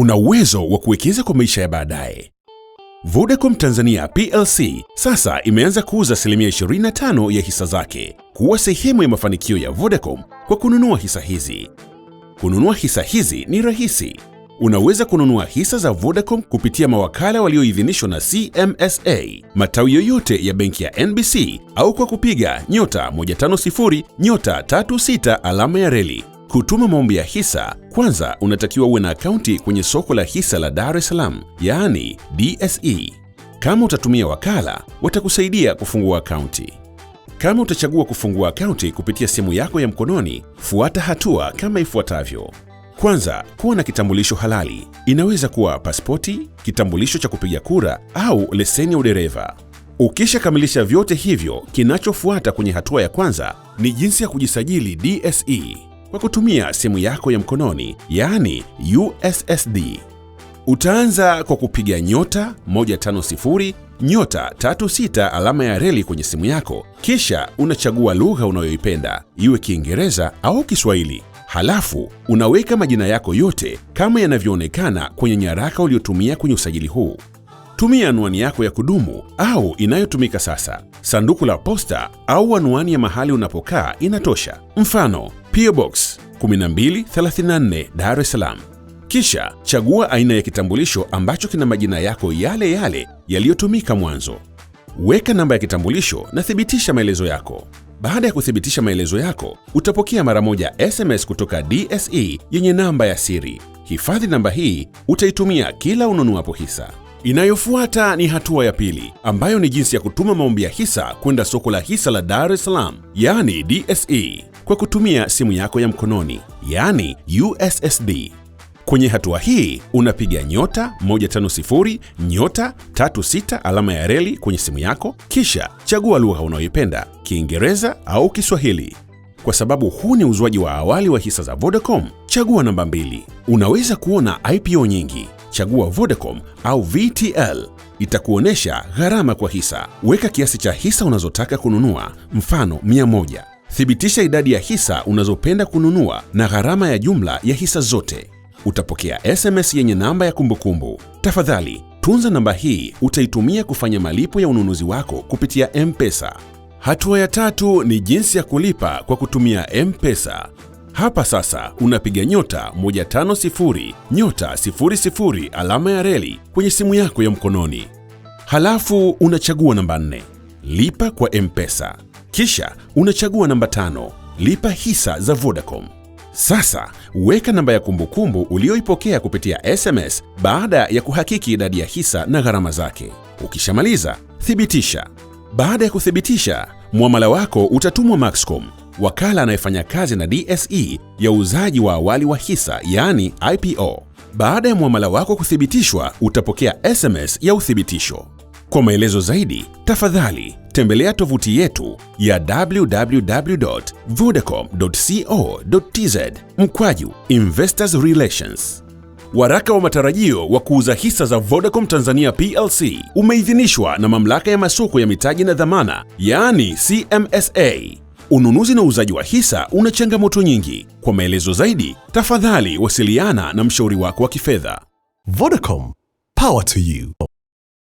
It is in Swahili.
una uwezo wa kuwekeza kwa maisha ya baadaye. Vodacom Tanzania PLC sasa imeanza kuuza asilimia 25 ya hisa zake. Kuwa sehemu ya mafanikio ya Vodacom kwa kununua hisa hizi. Kununua hisa hizi ni rahisi. Unaweza kununua hisa za Vodacom kupitia mawakala walioidhinishwa na CMSA, matawi yoyote ya benki ya NBC au kwa kupiga nyota 150 nyota 36 alama ya reli Kutuma maombi ya hisa, kwanza unatakiwa uwe na akaunti kwenye soko la hisa la Dar es Salaam, yaani DSE. Kama utatumia wakala, watakusaidia kufungua akaunti. Kama utachagua kufungua akaunti kupitia simu yako ya mkononi, fuata hatua kama ifuatavyo. Kwanza, kuwa na kitambulisho halali. Inaweza kuwa pasipoti, kitambulisho cha kupiga kura au leseni ya udereva. Ukishakamilisha vyote hivyo, kinachofuata kwenye hatua ya kwanza ni jinsi ya kujisajili DSE kwa kutumia simu yako ya mkononi yaani USSD. Utaanza kwa kupiga nyota 150 nyota 36 alama ya reli kwenye simu yako, kisha unachagua lugha unayoipenda iwe Kiingereza au Kiswahili. Halafu unaweka majina yako yote kama yanavyoonekana kwenye nyaraka uliotumia kwenye usajili huu. Tumia anwani yako ya kudumu au inayotumika sasa. Sanduku la posta au anwani ya mahali unapokaa inatosha. Mfano, PO Box 1234 Dar es Salaam. Kisha chagua aina ya kitambulisho ambacho kina majina yako yale yale yaliyotumika mwanzo. Weka namba ya kitambulisho na thibitisha maelezo yako. Baada ya kuthibitisha maelezo yako, utapokea mara moja SMS kutoka DSE yenye namba ya siri. Hifadhi namba hii, utaitumia kila ununuapo hisa. Inayofuata ni hatua ya pili ambayo ni jinsi ya kutuma maombi ya hisa kwenda soko la hisa la Dar es Salaam, yani DSE, kwa kutumia simu yako ya mkononi, yani USSD. Kwenye hatua hii unapiga nyota 150 nyota 36 alama ya reli kwenye simu yako, kisha chagua lugha unayoipenda, Kiingereza au Kiswahili. Kwa sababu huu ni uzwaji wa awali wa hisa za Vodacom, chagua namba mbili. Unaweza kuona IPO nyingi chagua Vodacom au VTL. Itakuonyesha gharama kwa hisa. Weka kiasi cha hisa unazotaka kununua, mfano 100. Thibitisha idadi ya hisa unazopenda kununua na gharama ya jumla ya hisa zote. Utapokea SMS yenye namba ya kumbukumbu. Tafadhali tunza namba hii, utaitumia kufanya malipo ya ununuzi wako kupitia M-Pesa. Hatua ya tatu ni jinsi ya kulipa kwa kutumia M-Pesa. Hapa sasa unapiga nyota 150 nyota 00 alama ya reli kwenye simu yako ya mkononi, halafu unachagua namba 4 lipa kwa M-Pesa, kisha unachagua namba 5 lipa hisa za Vodacom. Sasa weka namba ya kumbukumbu uliyoipokea kupitia SMS baada ya kuhakiki idadi ya hisa na gharama zake. Ukishamaliza, thibitisha. Baada ya kuthibitisha, mwamala wako utatumwa Maxcom wakala anayefanya kazi na DSE ya uuzaji wa awali wa hisa yaani IPO. Baada ya muamala wako kuthibitishwa, utapokea SMS ya uthibitisho. Kwa maelezo zaidi, tafadhali tembelea tovuti yetu ya www.vodacom.co.tz mkwaju investors relations. Waraka wa matarajio wa kuuza hisa za Vodacom Tanzania PLC umeidhinishwa na Mamlaka ya Masoko ya Mitaji na Dhamana, yaani CMSA. Ununuzi na uuzaji wa hisa una changamoto nyingi. Kwa maelezo zaidi, tafadhali wasiliana na mshauri wako wa kifedha. Vodacom, power to you.